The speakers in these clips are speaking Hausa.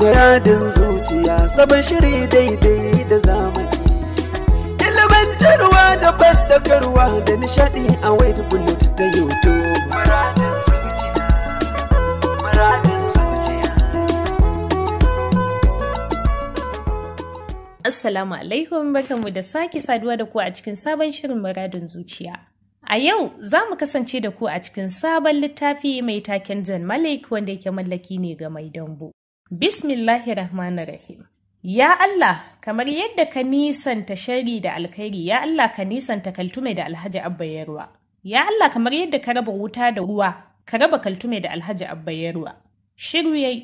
Muradin zuciya sabon shiri daidai da zamani. Ilimantarwa da bandagarwa da nishadi a wade bullet ta YouTube. Muradin zuciya, muradin zuciya. Assalamu alaikum barkanmu da sake saduwa da ku a cikin sabon shirin muradin zuciya. A yau za mu kasance da ku a cikin sabon littafi mai taken Jan Malik wanda yake mallaki ne ga mai dambu. Bismillahi Ya Allah, kamar yadda ka nisanta shari da alkhairi, ya Allah ka nisanta kaltume da Alhaji Abba ruwa. Ya Allah, kamar yadda ka raba wuta da ruwa, ka raba kaltume da Alhaji Abba ruwa.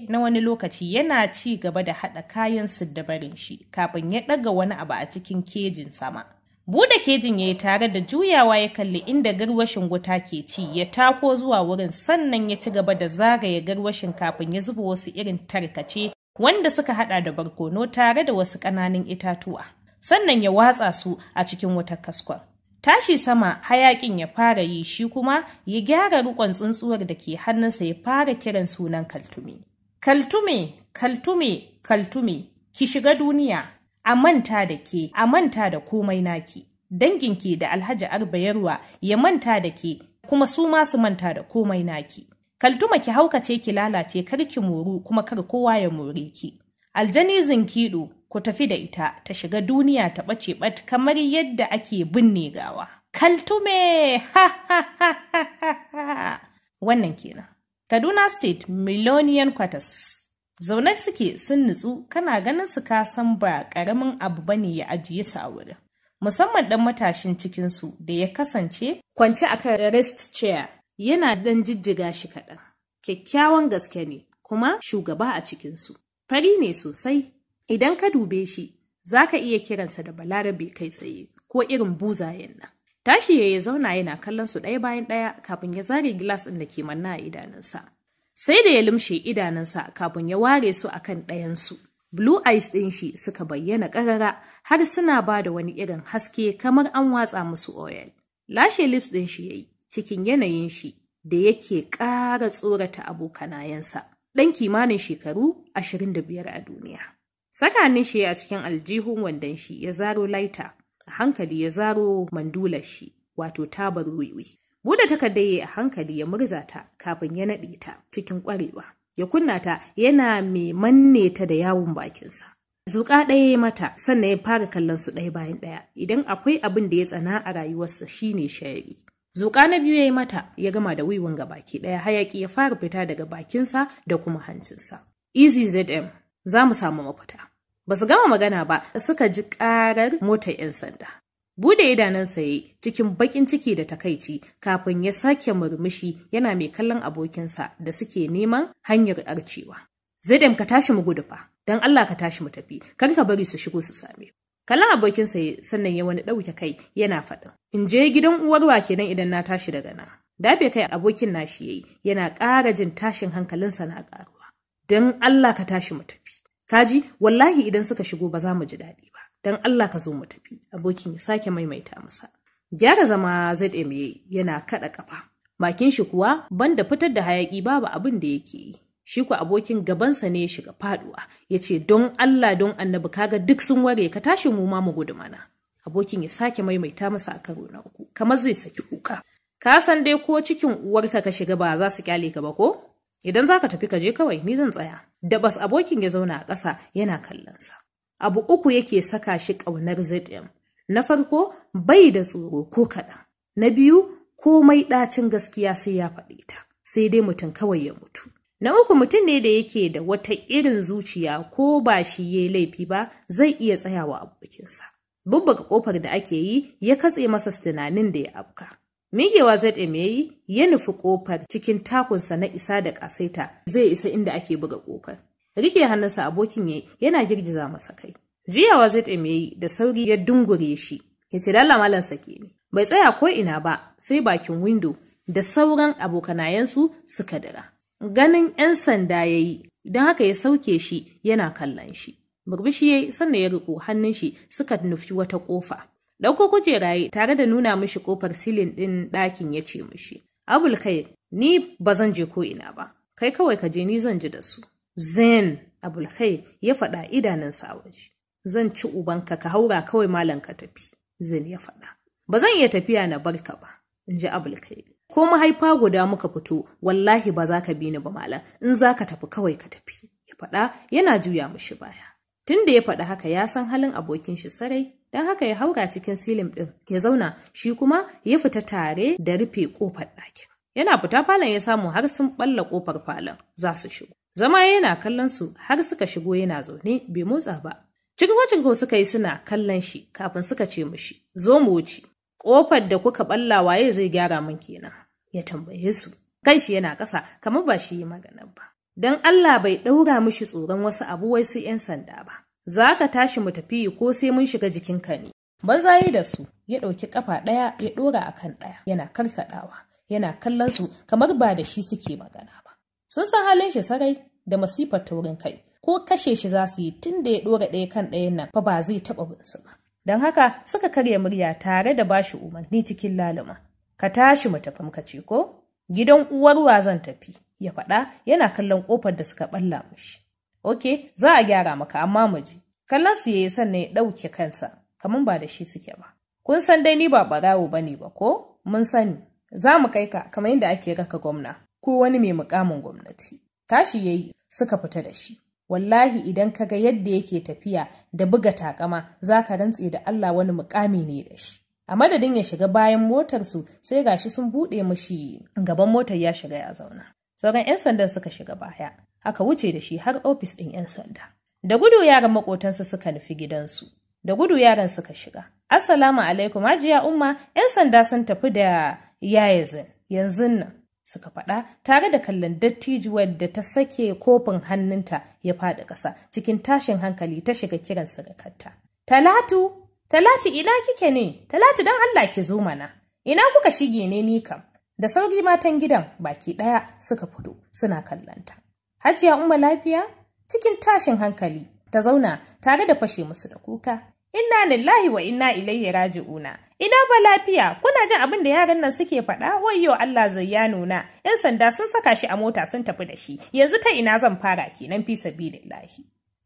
na wani lokaci yana ci gaba da haɗa kayan su da barin shi kafin ya ɗaga wani abu a cikin kejin sama. Buɗe kejin ya yi tare da juyawa ya kalli inda garwashin wuta ke ci ya tako zuwa wurin sannan ya ci gaba da zagaya garwashin kafin ya zuba wasu irin tarkace wanda suka hada da barkono tare da wasu ƙananan itatuwa. Sannan ya watsa su a cikin wutar kaskon. Tashi sama hayakin ya fara yi shi kuma ya gyara rikon tsuntsuwar da ke hannunsa ya fara kiran sunan kaltume. Kaltume, kaltume, kaltume, ki shiga duniya, a manta da ke a manta da komai naki danginki da alhaji arba yarwa ya manta da ke kuma su ma su manta da komai naki kaltuma ki haukace ki lalace kar ki moru kuma kar kowa ya more ki aljani zinkido ku tafi da ita ta shiga duniya ta ɓace ɓat kamar yadda ake binne gawa kaltume ha ha ha ha ha wannan kenan kaduna state million quarters zaune suke sun nutsu kana ganin su ka san ba ƙaramin abu ba ne ya ajiye su a wurin musamman ɗan matashin cikinsu da ya kasance kwance a kan rest chair yana ɗan jijjiga shi kaɗan. Kyakkyawan gaske ne kuma shugaba a cikinsu. Fari ne sosai, idan ka dube shi za ka iya kiransa da balarabe kai tsaye ko irin buzayen nan. Tashi ya yi zauna yana kallon su ɗaya bayan ɗaya kafin ya zare gilas ɗin da ke manna a idanunsa. Sai da ya lumshe idanunsa kafin ya ware su a kan ɗayansu. Blue eyes ɗin shi suka bayyana ƙarara har suna ba da wani irin haske kamar an watsa musu oil. Lashe lips ɗin shi ya yi cikin yanayin shi da yake ƙara tsorata abokanayensa. Ɗan kimanin shekaru ashirin da biyar a duniya. Sakanin shi a cikin aljihun wandon shi ya zaro laita, a hankali ya zaro mandular shi, wato tabar wiwi. Buɗe takardar ya a hankali ya murza ta kafin ya naɗe ta cikin ƙwarewa. Ya kunna ta yana mai manne ta da yawun bakinsa. Zuƙa ɗaya ya mata sannan ya fara kallon su ɗaya bayan ɗaya idan akwai abin da ya tsana a rayuwarsa shine shayari. Zuƙa na biyu ya yi mata ya gama da wiwin ga baki ɗaya hayaƙi ya fara fita daga bakinsa da kuma hancinsa. EZZM za mu samu mafita. Ba su gama magana ba suka ji ƙarar motar 'yan sanda. Bude idanun saye cikin bakin ciki da takaici kafin ya sake murmushi yana mai kallon abokinsa da suke neman hanyar arcewa. Zaidam ka tashi mu gudu fa, don Allah ka tashi mu tafi, kar ka bari su shigo su same. Kallon abokinsa ya sannan ya wani ɗauke kai yana faɗin. In je gidan uwar wa kenan idan na tashi daga nan. Dafe kai abokin nashi yayi yana ƙara jin tashin hankalinsa na ƙaruwa. dan Allah ka tashi mu tafi. Kaji wallahi idan suka shigo ba za mu ji daɗi don Allah ka zo mu tafi abokin ya sake maimaita masa gyara zama ZMA yana kaɗa ƙafa. bakin shi kuwa banda fitar da hayaki babu abin da yake yi shi ku abokin gabansa ne ya shiga faɗuwa ya ce don Allah don annabi kaga duk sun ware ka tashi mu ma mu gudu mana abokin ya sake maimaita masa a karo na uku kamar zai saki kuka ka san dai ko cikin uwarka ka shiga ba za su kyale ka ba ko idan za ka tafi ka je kawai ni zan tsaya da bas abokin ya zauna a ƙasa yana kallonsa abu uku yake saka shi ƙaunar ZM. Na farko bai da tsoro ko kaɗan. Na biyu komai ɗacin gaskiya sai ya faɗi ta, sai dai mutum kawai ya mutu. Na uku mutum ne da yake da wata irin zuciya ko ba shi ya laifi ba zai iya tsayawa abokinsa. Bubbaga ƙofar da ake yi ya katse masa tunanin da ya afka. Migewa ZM ya yi ya nufi ƙofar cikin takunsa na isa da ƙasaita zai isa inda ake buga ƙofar. Rike hannunsa abokin ya yana girgiza masa kai. jiya zai ya yi da sauri ya dungure shi. Ya ce lalla malam sake ne. Bai tsaya ko ina ba sai bakin windo da sauran abokanayensu suka dira. Ganin 'yan sanda ya yi don haka ya sauke shi yana kallon shi. Burbushi ya yi sannan ya riko hannun shi suka nufi wata ƙofa. Ɗauko kujeraye tare da nuna mishi kofar silin ɗin ɗakin ya ce mishi. Abul kai ni ba zan je ko ina ba, kai kawai ka je ni zan ji da su. Zain Abulkhair ya faɗa idanunsa a waje. Zan ci ubanka ka haura kawai malam ka tafi, Zain ya faɗa. Ba zan iya tafiya na barka ba, in ji Abulkhair. Ko mahaifa guda muka fito, wallahi ba za ka bi ni ba malam, in za ka tafi kawai ka tafi. Ya faɗa yana juya mushi baya. Tun da ya faɗi haka ya san halin abokin shi sarai, dan haka ya haura cikin silim ɗin ya zauna shi kuma ya fita tare da rufe ƙofar ɗakin. Yana fita falon ya samu har sun ɓalla ƙofar falon za su shigo. Zama yana kallon su har suka shigo yana zaune bai motsa ba. Cikin suka yi suna kallon shi kafin suka ce mishi, zo mu wuce. Ƙofar da kuka balla waye zai gyara min kenan. Ya tambaye su. Kan shi yana ƙasa kamar ba shi yi magana ba. Don Allah bai ɗaura mishi tsoron wasu abu wai sai 'yan sanda ba. Za ka tashi mu tafi ko sai mun shiga jikinka ne. Banzayi da su ya ɗauki ƙafa ɗaya ya ɗora a kan ɗaya yana karkaɗawa yana kallon su kamar ba da shi suke magana Sun san halin shi sarai da masifar taurin kai, ko kashe shi za su yi tun da ya ɗora ɗaya kan ɗayan nan fa ba zai taɓa bin su ba. Don haka suka karya murya tare da ba shi umarni cikin laluma. Ka tashi mu tafi muka ce ko? Gidan uwar wa zan tafi, ya faɗa yana kallon ƙofar da suka ɓalla shi. Ok, za a gyara maka amma mu je. Kallon su yayi sannan ya ɗauke kansa, kamar ba da shi suke ba. Kun san dai ni ba ɓarawo ba ne ba ko? Mun sani, za mu kai ka kamar yadda ake raka gwamna. ko wani mai mukamin gwamnati. Tashi ya yi suka fita da shi. Wallahi idan ka ga yadda yake tafiya da buga takama za ka rantse da Allah wani mukami ne da shi. A madadin ya shiga bayan motarsu sai gashi sun buɗe mushi gaban motar ya shiga ya zauna. Sauran 'yan sandan suka shiga baya, aka wuce da shi har ofis ɗin 'yan sanda. Da gudu yaran maƙotansu suka nufi gidansu. Da gudu yaran suka shiga. Assalamu alaikum, ajiya umma, 'yan sanda sun tafi da yayazin yanzun nan. suka faɗa tare da kallon dattijo da ta sake kofin hannunta ya faɗi ƙasa cikin tashin hankali ta shiga kiran surukarta. Talatu, Talatu ina kike ne? Talatu don Allah ki zo mana. Ina kuka shige ne ni kam? Da sauri matan gidan baki ɗaya suka fito suna kallonta. Hajiya Umma lafiya? Cikin tashin hankali ta zauna tare da fashe musu da kuka. Inna lillahi wa inna ilaihi raji'una. Ina ba lafiya, kuna jin abin da yaran nan suke faɗa? Wayyo Allah zai ya nuna. Yan sanda sun saka shi a mota sun tafi da shi. Yanzu ta ina zan fara kenan fi sabilillahi.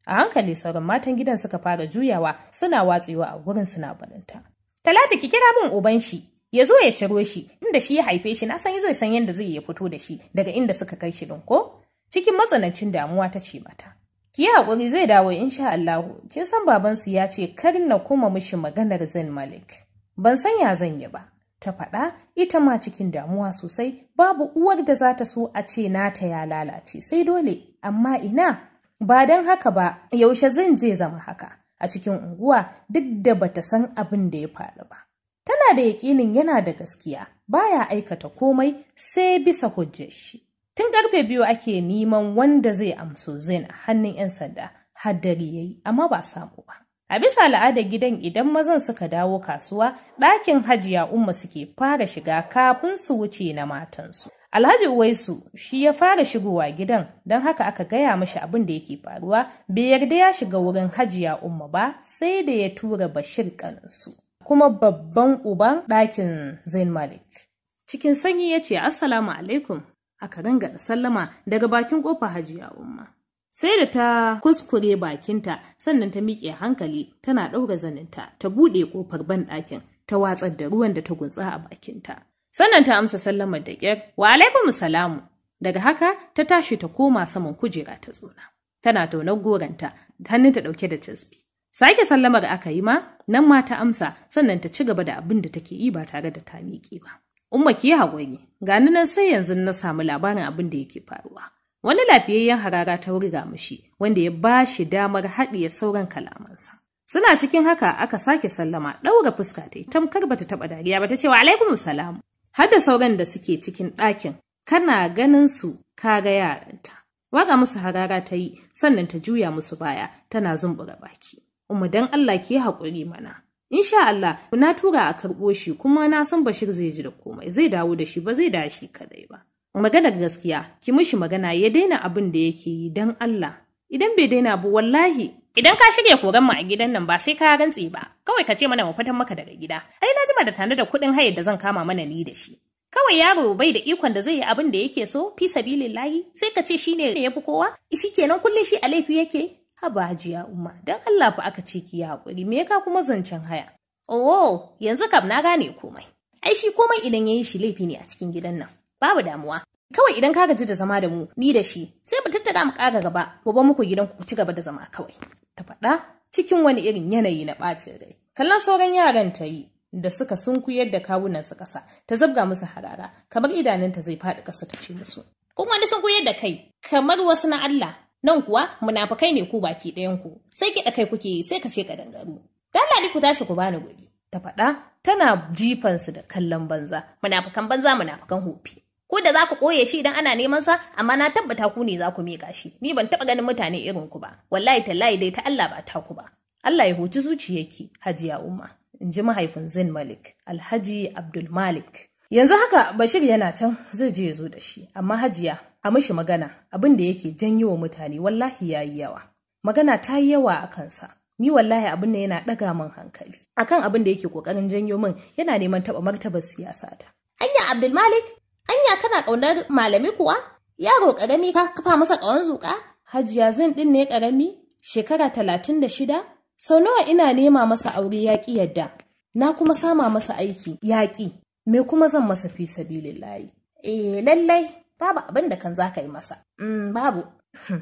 A hankali sauran matan gidan suka fara juyawa suna watsewa a wurin suna barinta. Talatu ki kira min uban shi, ya zo ya ciro shi, tunda shi ya haife shi na san zai san yadda zai ya fito da shi daga inda suka kai shi ɗin ko? Cikin matsanancin damuwa ta ce mata. Ki yi haƙuri zai dawo insha Allahu, kin san babansu ya ce kar na koma mishi maganar Zain Malik. Ban san ya zan yi ba, ta faɗa ita ma cikin damuwa sosai babu uwar da za ta so a ce nata ya lalace sai dole amma ina ba don haka ba yaushe zan zai zama haka a cikin unguwa duk da bata san abin da ya faru ba tana da yaƙinin yana da gaskiya baya aikata komai sai bisa hujjar shi Tun karfe biyu ake neman wanda zai amso zain a hannun 'yan sanda haddari ya yi, amma ba samu ba. A bisa al'adar gidan idan mazan suka dawo kasuwa ɗakin hajiya umma suke fara shiga kafin su wuce na matansu. Alhaji Uwaisu shi ya fara shigowa gidan don haka aka gaya mashi abin da yake faruwa bai yarda ya shiga wurin hajiya umma ba sai da ya tura Bashir kaninsu kuma babban uban ɗakin Zain Malik. Cikin sanyi ya ce Assalamu alaikum aka ringa da sallama daga bakin kofa hajiya umma. Sai da ta kuskure bakinta sannan ta miƙe hankali tana ɗaura zaninta ta buɗe ƙofar banɗakin ta watsar da ruwan da ta gutsa a bakinta. Sannan ta amsa sallamar da ƙyar wa alaikum salamu. Daga haka ta tashi ta koma saman kujera ta tsona. Tana taunar goranta ta ɗauke da casbi. Sake sallamar aka yi ma nan ma ta amsa sannan ta ci gaba da abin da take yi ba tare da ta miƙe ba. Umma ki haƙuri, gani nan sai yanzu na samu labarin abin da yake faruwa. Wani lafiyayyen harara ta wuri ga mushi wanda ya ba shi damar haɗiye sauran kalamansa. Suna cikin haka aka sake sallama ɗaura fuska ta tamkar bata taɓa dariya ba ta ce wa alaikum salam. Har da sauran da suke cikin ɗakin, kana ganin su ka ga yaranta. Waga musu harara ta yi, sannan ta juya musu baya, tana zumbura baki. Umma dan Allah ki haƙuri mana. insha Allah na tura a karɓo shi kuma na san Bashir zai ji da komai zai dawo da shi ba zai da shi kadai ba maganar gaskiya ki mishi magana ya daina abin da yake yi dan Allah idan bai daina ba wallahi idan ka shirya koran mu a gidan nan ba sai ka rantsi ba kawai ka ce mana mu fatan maka daga gida ai na jima da tare da kuɗin hayar da zan kama mana ni da shi kawai yaro bai da ikon da zai yi abin da yake so fi sabilillahi sai ka ce shine ya fi kowa shi kenan kullum shi a laifi yake Haba hajiya umma, don Allah fa aka ce ki yi haƙuri, me ka kuma zancen haya? Oh, yanzu kam na gane komai. Ai shi komai idan ya yi shi laifi ne a cikin gidan nan. Babu damuwa. Kawai idan ka gaji da zama da mu, ni da shi, sai mu tattara mu ƙara gaba, mu ba muku gidan ku ci gaba da zama kawai. Ta faɗa cikin wani irin yanayi na ɓacin rai. Kallon sauran yaran ta yi, da suka sunkuyar da su ƙasa ta zabga musu harara kamar idanunta zai faɗi ƙasa ta ce musu kun wani sunkuyar da kai kamar wasu na Allah Nan kuwa munafukai ne ku baki ɗayanku. sai kiɗa kai kuke yi sai ka ce ka dangaru. Dala ku tashi ku bani guri. Ta faɗa tana jifansu da kallon banza, munafukan banza munafukan hofi. Ko da za ku ɓoye shi idan ana neman sa, amma na tabbata ku ne za ku miƙa shi. Ni ban taɓa ganin mutane irin ku ba. Wallahi tallahi dai ta Allah ba ta ku ba. Allah ya huci zuciyarki, Hajiya Umma. In ji mahaifin Zain Malik, Alhaji Abdul Malik. Yanzu haka Bashir yana can zai je ya zo da shi, amma hajiya a mashi magana abin da yake janyo wa mutane wallahi ya yi yawa. Magana ta yi yawa a kansa. Ni wallahi abin da yana ɗaga min hankali. Akan abin da yake ƙoƙarin janyo min yana neman taɓa martabar siyasa ta. Anya Abdulmalik, anya kana ƙaunar malami kuwa? Yaro ƙarami ka kafa masa ƙawan zuƙa? Hajiya zan ɗin ne ƙarami? Shekara talatin da shida? Sau nawa ina nema masa aure yaƙi yadda? Na kuma sama masa aiki yaƙi. me kuma zan masa fi sabilin layi eh lallai babu abin da kan za ka yi masa mm, babu hmm.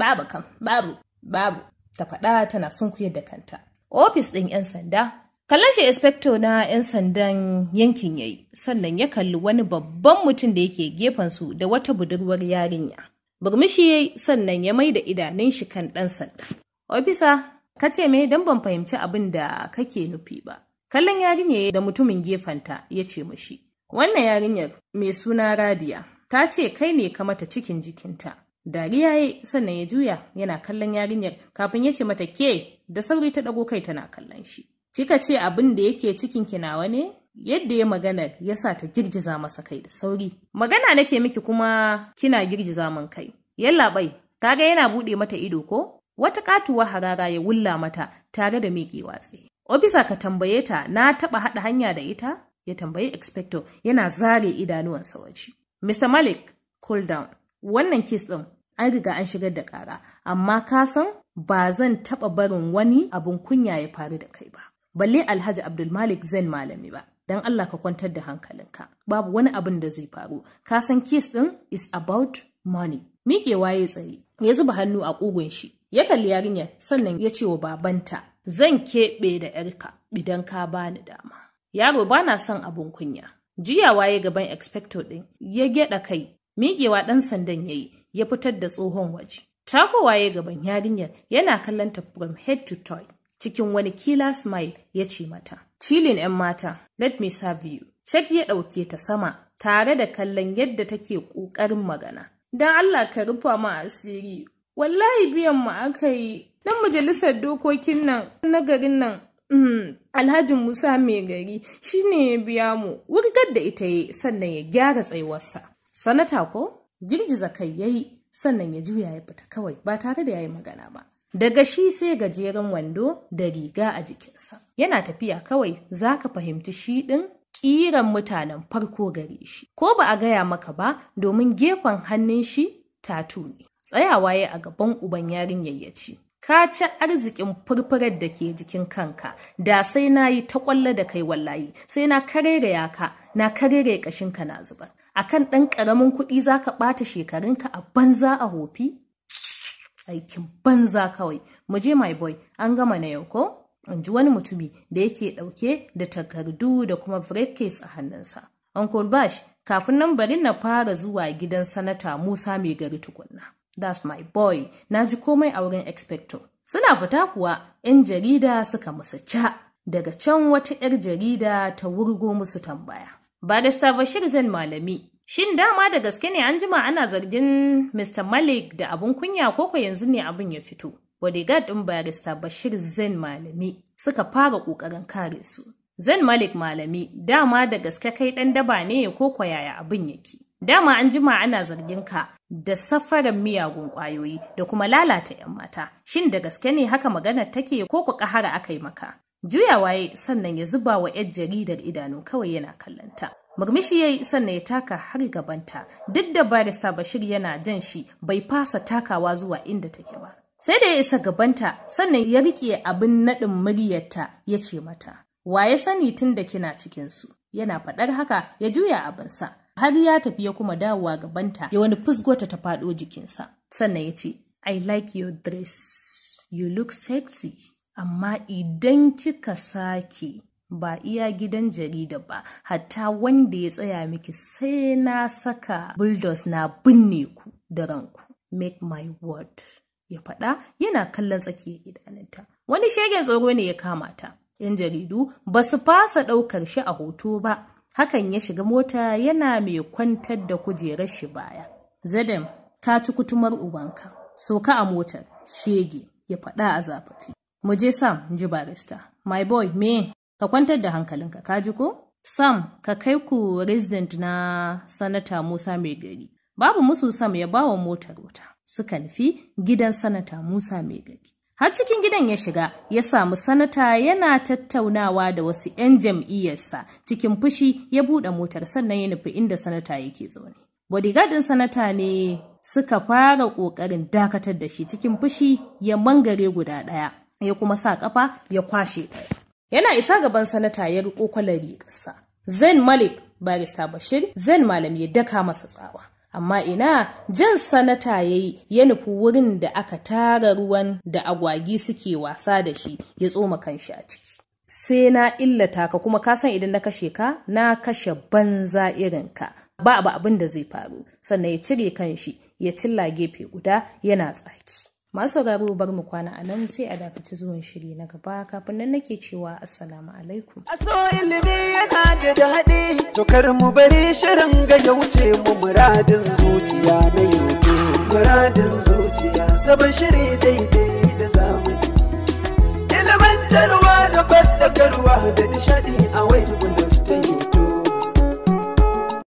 babu kan, babu babu ta faɗa tana sunkuyar da kanta ofis ɗin 'yan sanda kallon shi inspector na 'yan sandan yankin yayi sannan ya kalli wani babban mutum da yake gefen da wata budurwar yarinya burmishi yayi sannan ya mai da idanun shi kan ɗan sanda ofisa ka ce me don ban fahimci abin da kake nufi ba Kallon yarinya da mutumin gefenta ya ce mashi, Wannan yarinyar mai suna Radiya ta ce kai ne ka mata cikin jikinta. Dariya ya sannan ya juya yana kallon yarinyar kafin ya ce mata ke da sauri ta ɗago kai tana kallon shi. Kika ce abin da yake cikin ki nawa ne? Yadda ya magana ya sa ta girgiza masa kai da sauri. Magana nake miki kuma kina girgiza min kai. Yallaɓai, kaga yana buɗe mata ido ko? Wata katuwa harara ya wulla mata tare da miƙewa tsaye. ofisa ka tambaye ta na taɓa haɗa hanya da ita? Ya tambayi expecto yana zare idanuwansa waje. Mr. Malik, cool down. Wannan kes ɗin an riga an shigar da ƙara, amma ka san ba zan taɓa barin wani abun kunya ya faru da kai ba. Balle Alhaji Abdulmalik zan malami ba. Don Allah ka kwantar da hankalinka. Babu wani abin da zai faru. Ka san kes ɗin is about money. Miƙewa ya tsaye, ya zuba hannu a ƙugun shi, ya kalli yarinyar sannan ya ce wa babanta, zan keɓe da ‘yarka idan ka bani dama. Yaro ba na son abin kunya. Jiya ya gaban expecto ɗin ya gyaɗa kai, miƙewa ɗan sandan ya yi, ya fitar da tsohon waje. Takowa ya gaban yarinyar yana kallon ta from head to toe cikin wani kila smile ya ce mata. Cilin ‘yan mata, let me serve you. Shek ya ɗauke ta sama tare da kallon yadda take ƙoƙarin magana. Don Allah ka rufa ma asiri, wallahi biyan mu aka yi dan majalisar dokokin nan na garin nan mm, alhaji musa mai gari shine ya biya mu wurgar da ita yi sannan ya gyara tsayuwarsa sanata ko girgiza kai yayi sannan ya juya ya fita kawai ba tare da yayi magana ba daga shi sai gajeren wando da riga a jikinsa yana tafiya kawai za ka fahimci shi ɗin ƙiran mutanen farko gare shi ko ba a gaya maka ba domin gefen hannun shi tatu ne tsayawa ya a gaban uban yarin yayyaci ka ci arzikin furfurar da ke jikin kanka da sai na yi ta kwallo da kai wallayi sai na kareraya ka na karere kashinka na zuba. akan ɗan ƙaramin kuɗi za ka ɓata shekarunka a banza a hofi aikin banza kawai mu je my boy an gama na yau ko in ji wani mutumi da yake ɗauke da takardu da kuma briefcase a hannunsa uncle bash kafin nan bari na fara zuwa gidan sanata musa mai gari tukunna That's my boy, na ji komai a wurin expecto. Suna fita kuwa, ‘yan jarida suka musu ca, daga can wata ‘yar jarida ta wurgo musu tambaya. Ba da Bashir zan malami, shin dama da gaske ne an jima ana zargin Mr. Malik da abun kunya koko yanzu ne abin ya fito. bodyguard ɗin barista Bashir Zain Malami suka fara ƙoƙarin kare su. Zain Malik Malami dama da gaske kai ɗan daba ne ko yaya abin yake. Dama an jima ana zargin ka da safarar miyagun ƙwayoyi da kuma lalata 'yan mata. Shin da gaske ne haka maganar take ko ku ƙahara aka yi maka? Juyawa ya sannan ya zuba wa 'yar jaridar idanu kawai yana kallonta. Murmushi ya yi sannan ya taka har gabanta, duk da barista Bashir yana jan shi bai fasa takawa zuwa inda take ba. Sai da ya isa gabanta sannan ya rike abin naɗin muryarta ya ce mata, Wa sani tun da kina cikinsu? Yana faɗar haka ya juya abinsa, har ya tafi ya kuma dawowa gabanta ya wani fusgota ta faɗo jikinsa sannan ya ce i like your dress you look sexy amma idan kika sake ba iya gidan jarida ba hatta wanda ya tsaya miki sai na saka bulldogs na binne ku da ranku make my word ya faɗa yana kallon tsakiyar idanunta wani shegen tsoro ne ya kama ta yan jaridu ba su fasa ɗaukar shi a hoto ba hakan ya shiga mota yana mai kwantar da kujerar shi baya zadam ka ci kutumar ubanka sauka a motar shege ya faɗa a zafafi mu je sam ji barista my boy me ka kwantar da hankalinka ka ji ko sam ka kai ku resident na sanata musa mai gari babu musu sam ya bawa motar wuta suka nufi gidan sanata musa mai gari har cikin gidan ya shiga ya samu sanata yana tattaunawa da wasu 'yan jam'iyyarsa cikin fushi ya buɗe motar sannan ya nufi inda sanata yake zaune bodyguardin sanata ne suka fara ƙoƙarin dakatar da shi cikin fushi ya mangare guda ɗaya ya kuma sa ƙafa ya kwashe yana isa gaban sanata ya riƙo kwalari ƙasa zain malik barista bashir zain malam ya daka masa tsawa amma ina jan sanata ya yi ya nufi wurin da aka tara ruwan da agwagi suke wasa da shi ya tsoma kanshi a ciki sai na illata ka kuma ka san idan na kashe ka na kashe banza irin ka ba abu abin da zai faru sannan ya cire kanshi ya cilla gefe guda yana tsaki masu sauraro bar mu kwana a nan sai a dakaci zuwan shiri na gaba kafin nan nake cewa assalamu alaikum a so ilimi yana da daɗi to kar mu bari shirin ga ya wuce mu muradin zuciya na yau muradin zuciya sabon shiri daidai da zamani ilimantarwa da fadakarwa da nishadi a wai tukun da ta